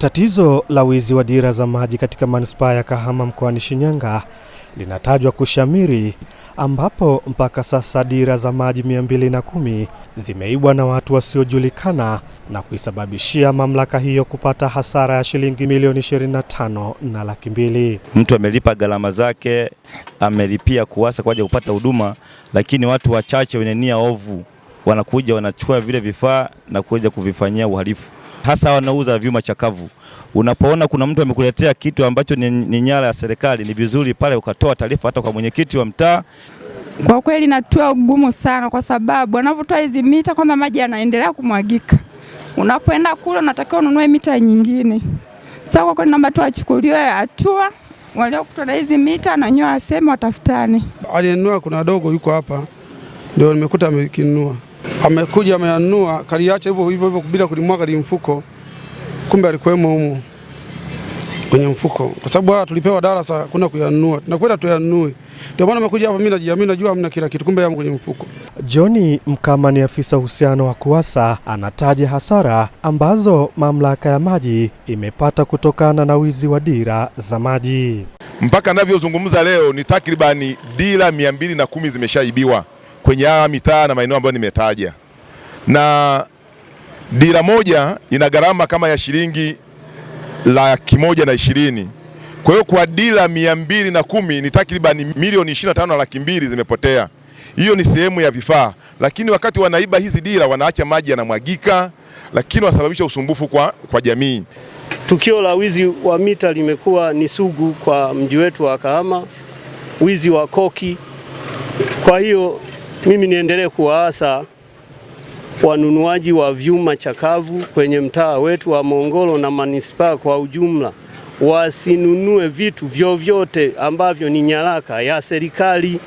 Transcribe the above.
Tatizo la wizi wa dira za maji katika manispaa ya Kahama mkoani Shinyanga linatajwa kushamiri ambapo mpaka sasa dira za maji 210 zimeibwa na watu wasiojulikana na kuisababishia mamlaka hiyo kupata hasara ya shilingi milioni 25 na laki mbili. Mtu amelipa gharama zake, amelipia kuwasa kwaja kupata huduma, lakini watu wachache wenye nia ovu wanakuja wanachukua vile vifaa na kuja kuvifanyia uhalifu hasa wanauza vyuma chakavu. Unapoona kuna mtu amekuletea kitu ambacho ni, ni nyara ya serikali, ni vizuri pale ukatoa taarifa hata kwa mwenyekiti wa mtaa. Kwa kweli natua ugumu sana, kwa sababu wanavyotoa hizi mita, kwanza maji yanaendelea kumwagika. Unapoenda kule unatakiwa ununue mita nyingine. Sasa kwa kweli naomba tu achukuliwe hatua, waliokutwa na hizi mita na nyoa aseme watafutane. Alinunua kuna dogo yuko hapa, ndio nimekuta amekinunua amekuja ameanua kaliacha hivyo hivyo bila kulimwaga mfuko kumbe alikuwemo humo kwenye mfuko, kwa sababu haya tulipewa darasa kuna kuyanunua, tunakwenda tuyanunue. Ndio maana amekuja hapa, mimi najiamini, najua hamna kila kitu, kumbe yamo kwenye mfuko. John Mkama ni afisa uhusiano wa Kuwasa, anataja hasara ambazo mamlaka ya maji imepata kutokana na wizi wa dira za maji. Mpaka navyozungumza leo ni takribani dira mia mbili na kumi zimeshaibiwa kwenye haya mitaa na maeneo ambayo nimetaja, na dira moja ina gharama kama ya shilingi laki moja na ishirini. Kwa hiyo kwa dira mia mbili na kumi ni takriban milioni ishirini na tano na laki mbili zimepotea. Hiyo ni sehemu ya vifaa, lakini wakati wanaiba hizi dira wanaacha maji yanamwagika, lakini wanasababisha usumbufu kwa, kwa jamii. Tukio la wizi wa mita limekuwa ni sugu kwa mji wetu wa Kahama, wizi wa koki. Kwa hiyo mimi niendelee kuwaasa wanunuaji wa vyuma chakavu kwenye mtaa wetu wa Mongolo na manispaa kwa ujumla wasinunue vitu vyovyote ambavyo ni nyaraka ya serikali.